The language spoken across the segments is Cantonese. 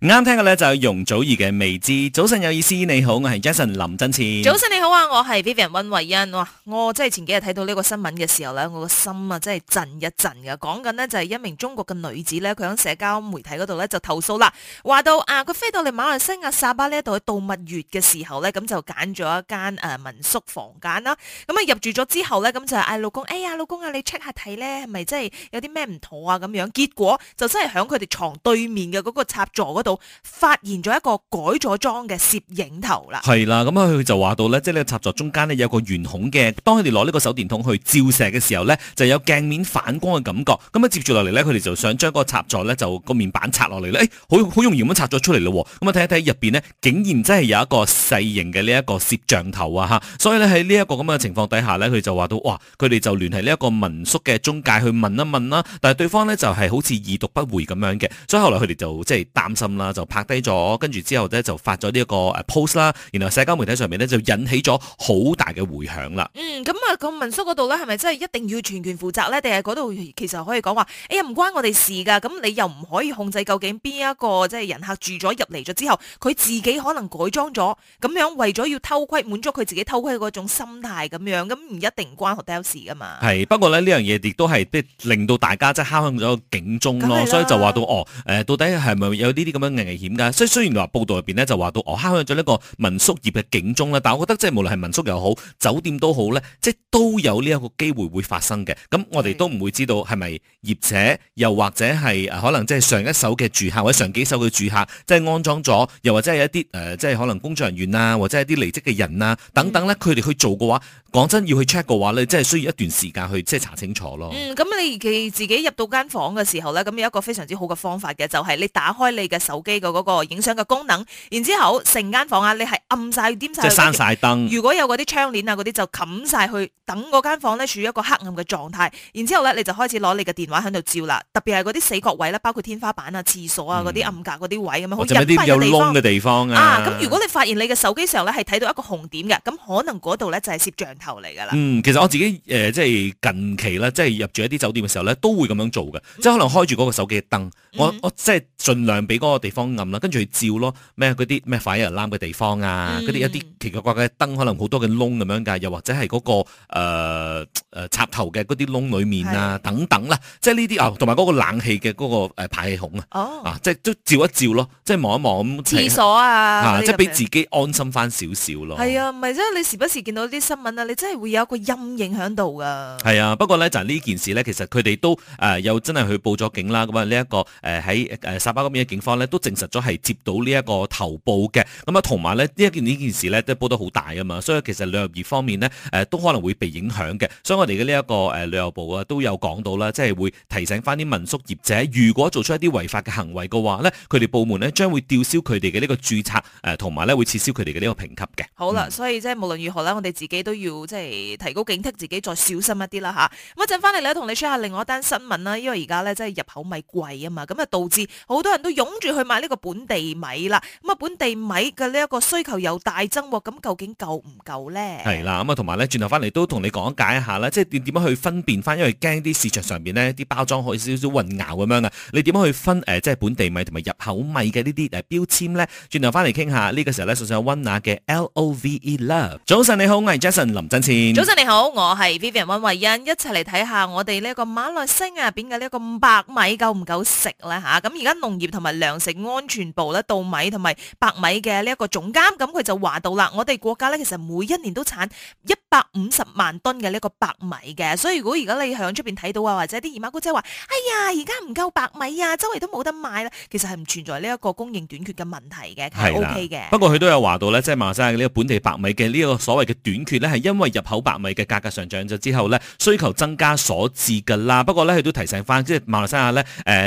啱聽嘅咧就係容祖兒嘅《未知早晨》有意思。你好，我係 Jason 林真前。早晨你好啊，我係 Vivian 溫慧欣。哇，我真係前幾日睇到呢個新聞嘅時候咧，我個心啊真係震一震嘅。講緊咧就係一名中國嘅女子咧，佢喺社交媒體嗰度咧就投訴啦，話到啊，佢飛到嚟馬來西亞沙巴呢度去度蜜月嘅時候咧，咁就揀咗一間誒、呃、民宿房間啦。咁啊入住咗之後咧，咁就嗌老公，哎、欸、呀老公啊，你 check 下睇咧係咪真係有啲咩唔妥啊咁樣？結果就真係響佢哋床對面嘅嗰個插座嗰度。發現咗一個改咗裝嘅攝影頭啦，係啦，咁啊佢就話到呢，即係呢個插座中間呢，有個圓孔嘅，當佢哋攞呢個手電筒去照射嘅時候呢，就有鏡面反光嘅感覺，咁啊接住落嚟呢，佢哋就想將嗰個插座呢，就個面板拆落嚟呢，好、哎、好容易咁拆咗出嚟咯，咁啊睇一睇入邊呢，竟然真係有一個細型嘅呢一個攝像頭啊，吓，所以呢，喺呢一個咁嘅情況底下呢，佢就話到，哇，佢哋就聯繫呢一個民宿嘅中介去問一問啦，但係對方呢，就係好似已讀不回咁樣嘅，所以後來佢哋就即係擔心。就拍低咗，跟住之後咧就發咗呢一個誒 post 啦，然後社交媒體上面咧就引起咗好大嘅迴響啦。嗯，咁啊個民宿嗰度咧，係咪真係一定要全權負責咧？定係嗰度其實可以講話，哎呀又唔關我哋事噶。咁你又唔可以控制究竟邊一個即係、就是、人客住咗入嚟咗之後，佢自己可能改裝咗，咁樣為咗要偷窺滿足佢自己偷窺嗰種心態咁樣，咁唔一定關 hotel 事噶嘛。係，不過咧呢樣嘢亦都係即令到大家即係敲響咗警鐘咯。所以就話到哦，誒、呃、到底係咪有呢啲咁樣？危險㗎，所以雖然話報道入邊咧就話到，我敲響咗呢個民宿業嘅警鐘啦，但係我覺得即係無論係民宿又好，酒店都好咧，即係都有呢一個機會會發生嘅。咁我哋都唔會知道係咪業者，又或者係、呃、可能即係上一手嘅住客或者上幾手嘅住客，即係安裝咗，又或者係一啲誒、呃，即係可能工作人員啊，或者一啲離職嘅人啊等等咧，佢哋、嗯、去做嘅話，講真要去 check 嘅話咧，即係需要一段時間去即係查清楚咯。嗯，咁你其自己入到間房嘅時候咧，咁有一個非常之好嘅方法嘅，就係、是、你打開你嘅手機嘅嗰個影相嘅功能，然之後成間房啊，你係暗晒，點晒，即係閂晒燈。如果有嗰啲窗簾啊，嗰啲就冚晒去，等嗰間房咧處於一個黑暗嘅狀態。然之後咧，你就開始攞你嘅電話喺度照啦。特別係嗰啲死角位咧，包括天花板啊、廁所啊嗰啲暗格嗰啲位咁樣，好有窿嘅地方。地方啊，咁、啊、如果你發現你嘅手機上咧係睇到一個紅點嘅，咁可能嗰度咧就係攝像頭嚟噶啦。其實我自己誒、呃、即係近期咧，即係入住一啲酒店嘅時候咧，都會咁樣做嘅，嗯、即係可能開住嗰個手機嘅燈，嗯、我我即係盡量俾嗰、嗰個。地方暗啦，跟住去照咯，咩嗰啲咩反而攬嘅地方啊，嗰啲、嗯、一啲奇奇怪怪嘅燈，可能好多嘅窿咁樣㗎，又或者係嗰、那個、呃、插頭嘅嗰啲窿裏面啊，是的 等等啦，即係呢啲啊，同埋嗰個冷氣嘅嗰個排氣孔、哦、啊，即係都照一照咯，即係望一望咁。廁所啊，啊即係俾自己安心翻少少咯。係啊，唔係即係你時不時見到啲新聞啊，你真係會有一個陰影響度㗎。係啊，不過咧就係、是、呢件事咧，其實佢哋都誒、呃、又真係去報咗警啦。咁啊呢一個喺誒、呃、沙巴嗰邊嘅警方咧。嗯都證實咗係接到呢一個頭部嘅，咁啊同埋咧呢一件呢件事咧都波得好大啊嘛，所以其實旅遊業方面呢，誒、呃、都可能會被影響嘅。所以我哋嘅呢一個誒旅遊部啊都有講到啦，即係會提醒翻啲民宿業者，如果做出一啲違法嘅行為嘅話呢，佢哋部門呢將會吊銷佢哋嘅呢個註冊誒，同埋咧會撤銷佢哋嘅呢個評級嘅。好啦，嗯、所以即係無論如何啦，我哋自己都要即係提高警惕，自己再小心一啲啦嚇。咁一陣翻嚟咧，同你 share 下另外一單新聞啦，因為而家咧即係入口咪貴啊嘛，咁啊導致好多人都湧住去，去買呢個本地米啦，咁啊本地米嘅呢一個需求又大增，咁究竟夠唔夠咧？係啦，咁啊同埋咧，轉頭翻嚟都同你講解一下啦，即係點點樣去分辨翻，因為驚啲市場上邊呢啲包裝可以少少混淆咁樣啊，你點樣去分誒，即係本地米同埋入口米嘅呢啲誒標籤咧？轉頭翻嚟傾下呢個時候咧，送上温拿嘅 L O V E Love。早晨你好，我係 Jason 林振倩。早晨你好，我係 Vivian 温慧欣，一齊嚟睇下我哋呢個馬來西亞入邊嘅呢個白米夠唔夠食咧吓？咁而家農業同埋糧食。安全部咧稻米同埋白米嘅呢一個總監，咁佢就話到啦，我哋國家咧其實每一年都產一百五十萬噸嘅呢個白米嘅，所以如果而家你響出邊睇到啊，或者啲姨媽姑姐話，哎呀，而家唔夠白米啊，周圍都冇得賣啦，其實係唔存在呢一個供應短缺嘅問題嘅，係的 OK 嘅。不過佢都有話到咧，即係馬來西亞呢個本地白米嘅呢個所謂嘅短缺咧，係因為入口白米嘅價格上漲咗之後咧，需求增加所致噶啦。不過咧，佢都提醒翻，即係馬來西亞咧，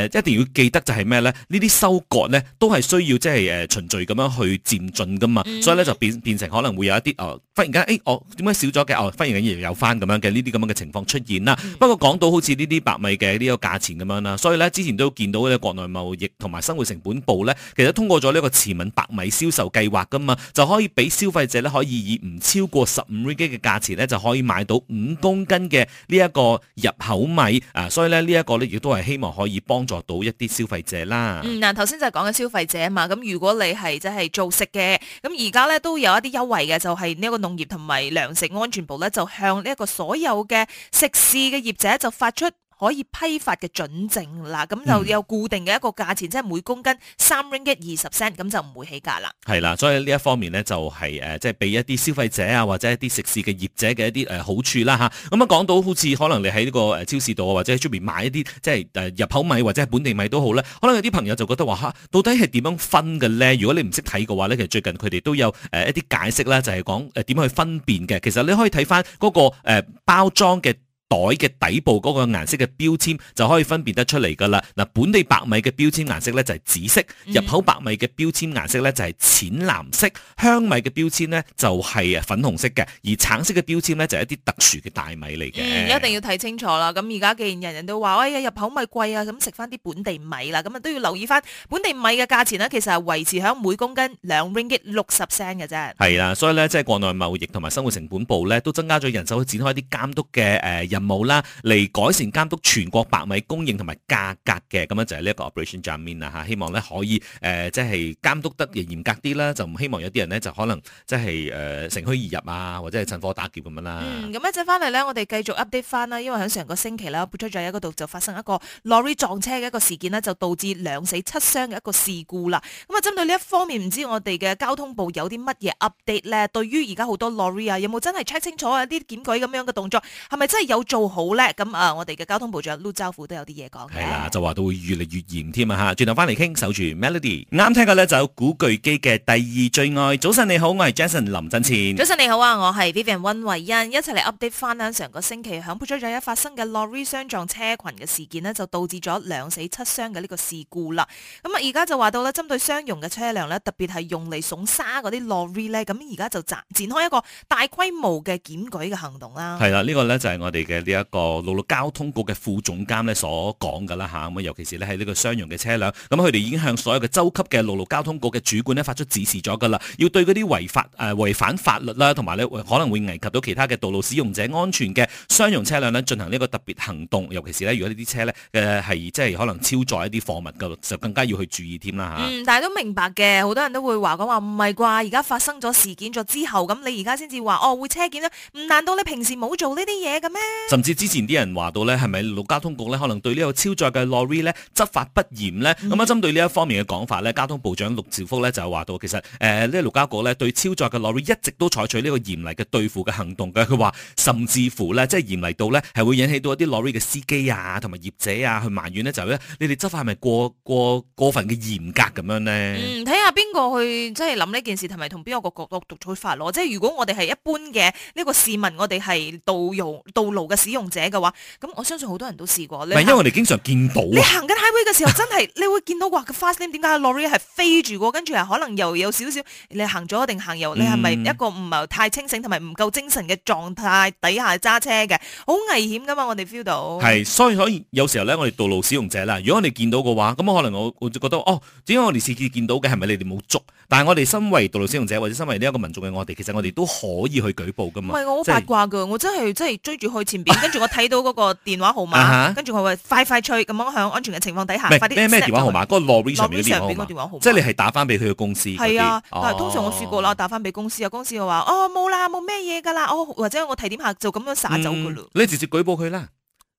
誒，一定要記得就係咩咧？呢啲收。國咧都係需要即係誒循序咁樣去漸進噶嘛，嗯、所以咧就變變成可能會有一啲誒、呃、忽然間誒、欸、我點解少咗嘅哦，忽然間又有翻咁樣嘅呢啲咁樣嘅情況出現啦。嗯、不過講到好似呢啲白米嘅呢個價錢咁樣啦，所以咧之前都見到咧國內貿易同埋生活成本部咧，其實通過咗呢個慈敏白米銷售計劃噶嘛，就可以俾消費者咧可以以唔超過十五蚊嘅價錢咧就可以買到五公斤嘅呢一個入口米啊、呃，所以咧呢，呢一個咧亦都係希望可以幫助到一啲消費者啦。嗱、嗯，頭先。即係講緊消費者啊嘛，咁如果你係即係做食嘅，咁而家咧都有一啲優惠嘅，就係呢一個農業同埋糧食安全部咧，就向呢一個所有嘅食肆嘅業者就發出。可以批發嘅準證啦，咁就有固定嘅一個價錢，嗯、即係每公斤三 ringgit 二十 cent，咁就唔會起價啦。係啦，所以呢一方面咧，就係誒，即係俾一啲消費者啊，或者一啲食肆嘅業者嘅一啲誒好處啦吓，咁啊，講到好似可能你喺呢個誒超市度啊，或者喺出面買一啲即係誒入口米或者係本地米都好咧。可能有啲朋友就覺得話吓，到底係點樣分嘅咧？如果你唔識睇嘅話咧，其實最近佢哋都有誒一啲解釋啦，就係講誒點樣去分辨嘅。其實你可以睇翻嗰個包裝嘅袋嘅底部嗰個顏色嘅標籤就可以分辨得出嚟噶啦。嗱,本地白米嘅標籤顏色咧就係紫色，入口白米嘅標籤顏色咧就係淺藍色，香米嘅標籤呢就係粉紅色嘅，而橙色嘅標籤呢就係一啲特殊嘅大米嚟嘅，嗯。一定要睇清楚啦。咁而家既然人人都話，哎呀入口米貴啊，咁食翻啲本地米啦，咁啊都要留意翻本地米嘅價錢呢其實係維持喺每公斤兩 ringgit 六十 cent 嘅啫。係啦，所以咧即係國內貿易同埋生活成本部咧都增加咗人手去展開一啲監督嘅誒。呃任務啦，嚟改善監督全國白米供應同埋價格嘅，咁樣就係呢一個 Operation jump in 啦，希望咧可以即係、呃就是、監督得嚴嚴格啲啦，就唔希望有啲人呢，就可能即係誒乘虛而入啊，或者係趁火打劫咁樣啦。咁一陣翻嚟咧，我哋繼續 update 翻啦，因為喺上個星期啦，撥出咗喺嗰度就發生一個 lorry 撞車嘅一個事件呢，就導致兩死七傷嘅一個事故啦。咁、嗯、啊，針對呢一方面，唔知我哋嘅交通部有啲乜嘢 update 咧？對於而家好多 lorry 啊，有冇真係 check 清楚啊？啲檢舉咁樣嘅動作係咪真係有？做好咧，咁啊，我哋嘅交通部長陸兆福都有啲嘢講嘅。係啦，就話到會越嚟越嚴添啊！吓，轉頭翻嚟傾，守住 Melody。啱聽嘅咧，就有古巨基嘅第二最愛。早晨你好，我係 Jason 林振前。早晨你好啊，我係 Vivian 溫慧欣。一齊嚟 update 翻啊！成個星期響非洲有一發生嘅 Lorry 相撞車群嘅事件咧，就導致咗兩死七傷嘅呢個事故啦。咁啊，而家就話到咧，針對商用嘅車輛咧，特別係用嚟送沙嗰啲 Lorry 咧，咁而家就展展開一個大規模嘅檢舉嘅行動啦。係啦，呢個咧就係我哋嘅。呢一個陸路交通局嘅副總監呢所講噶啦，嚇，咁尤其是呢係呢個商用嘅車輛，咁佢哋已經向所有嘅州級嘅陸路交通局嘅主管呢發出指示咗噶啦，要對嗰啲違法，誒違反法律啦，同埋呢可能會危及到其他嘅道路使用者安全嘅商用車輛呢進行呢個特別行動，尤其是呢，如果呢啲車呢，誒係即係可能超載一啲貨物嘅，就更加要去注意添啦，嚇。嗯，但係都明白嘅，好多人都會話講話唔係啩，而家發生咗事件咗之後，咁你而家先至話哦會車檢啦？唔難道你平時冇做呢啲嘢嘅咩？甚至之前啲人話到咧，係咪陸交通局咧可能對呢個超載嘅 lorry 咧執法不嚴咧？咁啊、嗯、針對呢一方面嘅講法咧，交通部長陸兆福咧就係話到，其實誒呢陸交局咧對超載嘅 lorry 一直都採取呢個嚴厲嘅對付嘅行動嘅。佢話甚至乎咧，即係嚴厲到咧係會引起到一啲 lorry 嘅司機啊同埋業者啊去埋怨呢，就係咧你哋執法係咪過過過分嘅嚴格咁樣呢？睇下邊個去即係諗呢件事同埋同邊一個角度去執法咯？即係如果我哋係一般嘅呢個市民，我哋係道用道路使用者嘅話，咁我相信好多人都試過。你係，因為我哋經常見到、啊。你行緊 highway 嘅時候， 真係你會見到哇，個 fast l 點解 Lorry 係飛住，跟住可能又有少少你行左定行右，嗯、你係咪一個唔係太清醒同埋唔夠精神嘅狀態底下揸車嘅？好危險噶嘛、啊，我哋 feel 到。係，所以可以有時候咧，我哋道路使用者啦，如果我哋見到嘅話，咁可能我我就覺得哦，只因我哋視覺見到嘅係咪你哋冇捉。但係我哋身為道路使用者，或者身為呢一個民眾嘅我哋，其實我哋都可以去舉報噶嘛。唔係我好八卦噶，就是、我真係真係追住去前。跟住 我睇到嗰個電話號碼，跟住佢話快快脆，咁樣喺安全嘅情況底下，快啲咩咩電話號碼？嗰去個諾威上邊嗰個電話號碼，即係你係打返俾佢嘅公司嗰啲。啊哦、但通常我試過啦，我打返俾公司，公司我話哦冇啦，冇咩嘢㗎啦，哦或者我提點下就咁樣殺走噶啦、嗯。你直接舉報佢啦。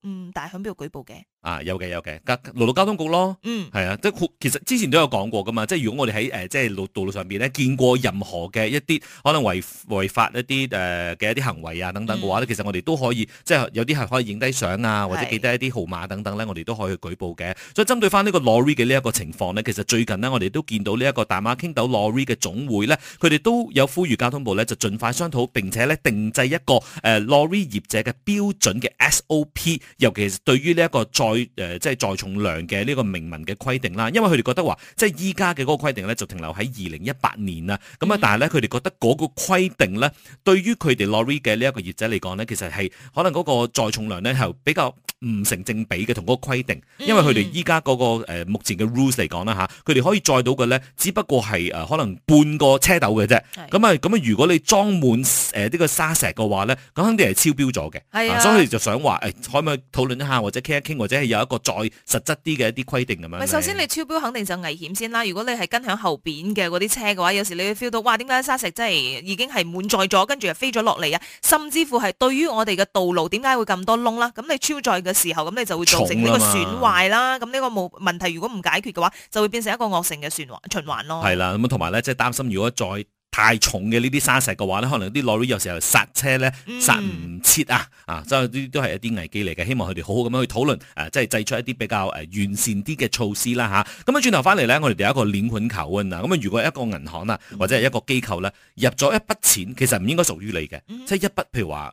嗯，但係響邊度舉報嘅？啊，有嘅有嘅，陸路交通局咯。嗯，係啊，即係其實之前都有講過噶嘛，即係如果我哋喺誒即係路道路上邊咧，見過任何嘅一啲可能違違法一啲誒嘅一啲行為啊等等嘅話咧，嗯、其實我哋都可以即係有啲係可以影低相啊，或者記低一啲號碼等等咧，是我哋都可以去舉報嘅。所以針對翻呢個 lorry 嘅呢一個情況咧，其實最近呢，我哋都見到呢一個大馬傾斗 lorry 嘅總會咧，佢哋都有呼籲交通部咧就盡快商討並且咧定製一個誒、呃、lorry 業者嘅標準嘅 SOP。尤其是對於呢一個載誒、呃、即係載重量嘅呢個明文嘅規定啦，因為佢哋覺得話，即係依家嘅嗰個規定咧就停留喺二零一八年啊，咁啊，但係咧佢哋覺得嗰個規定咧，對於佢哋 lorries 嘅呢一個業者嚟講咧，其實係可能嗰個載重量咧係比較唔成正比嘅同個規定，因為佢哋依家嗰個誒、嗯、目前嘅 rules 嚟講啦吓，佢哋可以載到嘅咧，只不過係誒、呃、可能半個車斗嘅啫。咁啊咁啊，如果你裝滿誒呢個沙石嘅話咧，咁肯定係超標咗嘅。係啊，啊，所以就想話誒、欸、可唔可以討論一下，或者傾一傾，或者係有一個再實質啲嘅一啲規定咁樣，首先你超標肯定就危險先啦。如果你係跟響後邊嘅嗰啲車嘅話，有時你會 feel 到哇，點解沙石真係已經係滿載咗，跟住又飛咗落嚟啊！甚至乎係對於我哋嘅道路，點解會咁多窿啦？咁你超載嘅時候咁你就會造成呢個損壞啦，咁呢了個冇問題，如果唔解決嘅話，就會變成一個惡性嘅循環循環咯。係啦，咁同埋咧，即係擔心如果再太重嘅呢啲沙石嘅話咧，可能啲落雨有時候剎車咧剎唔切啊，嗯啊好好，啊，即係呢啲都係一啲危機嚟嘅。希望佢哋好好咁樣去討論，即係制出一啲比較誒完善啲嘅措施啦吓。咁啊轉頭翻嚟咧，我哋有一個鏈環球啊，咁啊如果一個銀行啊、嗯、或者係一個機構咧、啊、入咗一筆錢，其實唔應該屬於你嘅，即係、嗯、一筆譬如話。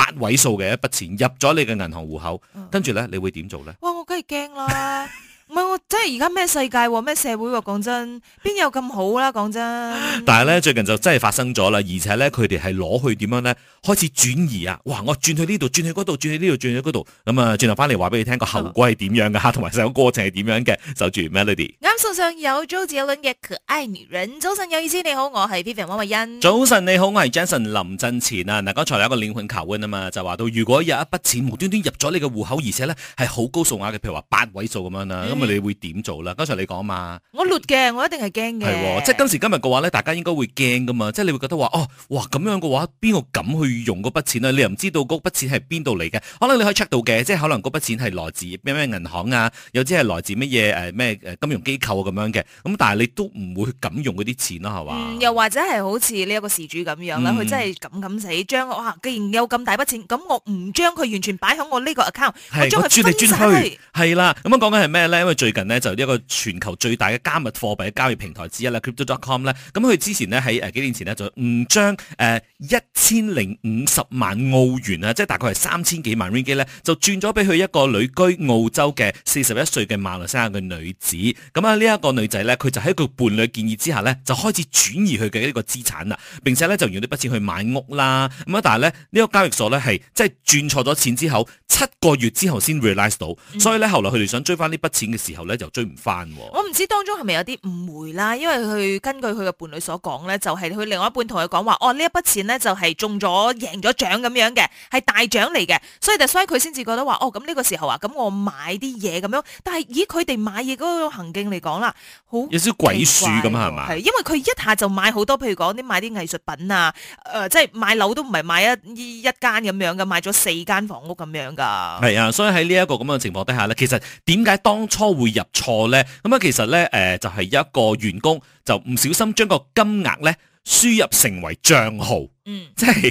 八位數嘅一筆錢入咗你嘅銀行戶口，跟住咧你會點做咧？哇！我梗係驚啦。 唔係我真係而家咩世界、啊，咩社會、啊，講真，邊有咁好啦、啊？講真，但係咧最近就真係發生咗啦，而且咧佢哋係攞去點樣咧？開始轉移啊！哇，我轉去呢度，轉去嗰度，轉去呢度，轉去嗰度，咁啊，轉頭翻嚟話俾你聽個後果係點樣噶吓，同埋成個過程係點樣嘅？守住，Melody 啱上上有周子倫嘅可愛女人，早晨有意思你好，我係 Vivian 汪慧欣。早晨你好，我係 Jason 林振前啊！嗱，剛才有一個靈魂提問啊嘛，就話到如果有一筆錢無端端入咗你嘅戶口，而且咧係好高數額嘅，譬如話八位數咁樣啊。嗯咁你會點做啦？剛才你講嘛，我慄嘅，我一定係驚嘅。係、哦、即係今時今日嘅話咧，大家應該會驚噶嘛。即係你會覺得話，哦，哇咁樣嘅話，邊個敢去用嗰筆錢咧？你又唔知道嗰筆錢係邊度嚟嘅？可能你可以 check 到嘅，即係可能嗰筆錢係來自咩咩銀行啊，又或者係來自乜嘢誒咩金融機構咁、啊、樣嘅。咁但係你都唔會敢用嗰啲錢咯，係嘛、嗯？又或者係好似呢一個事主咁樣啦，佢、嗯、真係咁咁死將既然有咁大筆錢，咁我唔將佢完全擺喺我呢個 account，對我將佢去。係啦，咁樣講緊係咩咧？最近呢，就呢一個全球最大嘅加密貨幣嘅交易平台之一啦，Crypto.com 咧，咁佢之前呢，喺誒幾年前呢，就誤將誒一千零五十萬澳元啊，即、就、係、是、大概係三千幾萬令吉咧，就轉咗俾佢一個旅居澳洲嘅四十一歲嘅馬來西亞嘅女子。咁啊呢一個女仔呢，佢就喺佢伴侶建議之下呢，就開始轉移佢嘅呢個資產啦，並且呢，就用呢筆錢去買屋啦。咁啊但係呢，呢、這個交易所呢，係即係轉錯咗錢之後，七個月之後先 realize 到，嗯、所以呢，後來佢哋想追翻呢筆錢嘅。時候咧就追唔翻、哦、我唔知當中係咪有啲誤會啦，因為佢根據佢嘅伴侶所講咧，就係、是、佢另外一半同佢講話，哦呢一筆錢咧就係中咗贏咗獎咁樣嘅，係大獎嚟嘅，所以就所以佢先至覺得話，哦咁呢個時候啊，咁我買啲嘢咁樣。但係以佢哋買嘢嗰個行徑嚟講啦，好有少鬼鼠咁啊，係嘛？係，因為佢一下就買好多，譬如講啲買啲藝術品啊，誒、呃，即、就、係、是、買樓都唔係買一一間咁樣嘅，買咗四間房屋咁樣㗎。係啊，所以喺呢一個咁樣嘅情況底下咧，其實點解當初會入錯咧，咁啊，其實咧，誒，就係一個員工就唔小心將個金額咧輸入成為賬號。嗯、即係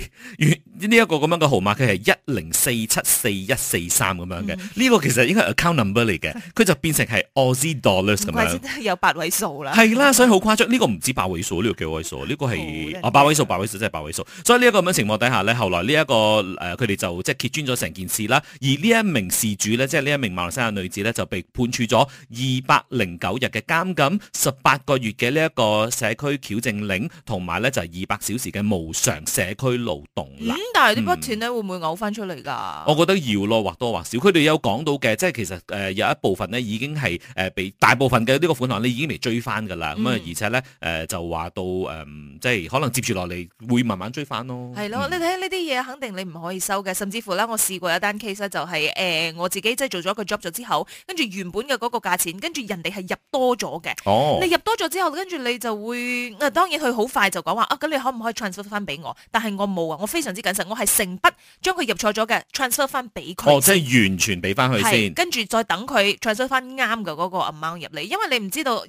呢一個咁樣嘅號碼，佢係一零四七四一四三咁樣嘅。呢個其實應該係 account number 嚟嘅，佢 就變成係 Aussie dollars 咁樣。有八位數啦。係啦樣，所以好誇張。呢、這個唔止八位數，呢、這個幾位數，呢、這個係、哦哦、八位數，八位數真係八位數。所以呢一個咁嘅情況底下呢後來呢、這、一個誒佢哋就即係揭穿咗成件事啦。而呢一名事主呢，即係呢一名馬來西亞女子呢，就被判處咗二百零九日嘅監禁、十八個月嘅呢一個社區矯正令，同埋呢就係二百小時嘅無償，社區勞動啦，咁、嗯、但係呢筆錢咧會唔會嘔翻出嚟㗎？我覺得要咯，或多或少，佢哋有講到嘅，即係其實、呃、有一部分咧已經係誒俾大部分嘅呢個款項你已經嚟追翻㗎啦。咁啊、嗯，而且咧、呃、就話到、呃、即係可能接住落嚟會慢慢追翻咯。係咯的，嗯、你睇呢啲嘢肯定你唔可以收嘅，甚至乎呢，我試過一單 case 就係、是呃、我自己即係做咗個 job 咗之後，跟住原本嘅嗰個價錢，跟住人哋係入多咗嘅。哦，你入多咗之後，跟住你就會當然佢好快就講話啊，咁你可唔可以 transfer 翻俾我？但係我冇啊！我非常之謹慎，我係成筆將佢入錯咗嘅 transfer 翻俾佢。哦，即係完全俾翻佢先，跟住再等佢 transfer 翻啱嘅嗰個 amount 入嚟，因為你唔知道，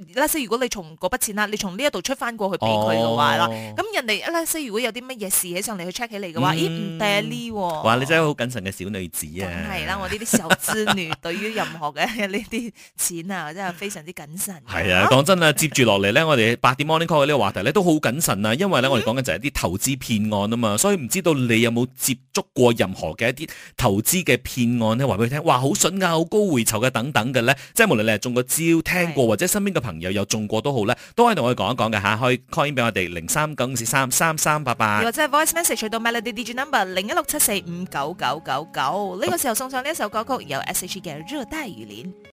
如果你從嗰筆錢啦，你從呢一度出翻過去俾佢嘅話啦，咁、哦、人哋如果有啲乜嘢事上起上嚟去 check 起嚟嘅話，咦唔掂呢喎。欸啊、哇，你真係好謹慎嘅小女子啊！係啦，我呢啲小資女 對於任何嘅呢啲錢啊，真係非常之謹慎。係啊，講真啊，接住落嚟呢，我哋八點 morning call 呢個話題咧都好謹慎啊，因為咧我哋講緊就係啲投資。嗯騙案啊嘛，所以唔知道你有冇接觸過任何嘅一啲投資嘅騙案咧？話俾佢聽，哇，好筍噶，好高回酬嘅，等等嘅咧，即係無論你係中過招、聽過或者身邊嘅朋友有中過都好咧，都可以同我哋講一講嘅嚇，可以 call in 俾我哋零三九五四三三三八八，或者 voice message 去到 melody digit number 零一六七四五九九九九。呢個時候送上呢一首歌曲，由 S H G 嘅《熱帶雨林》。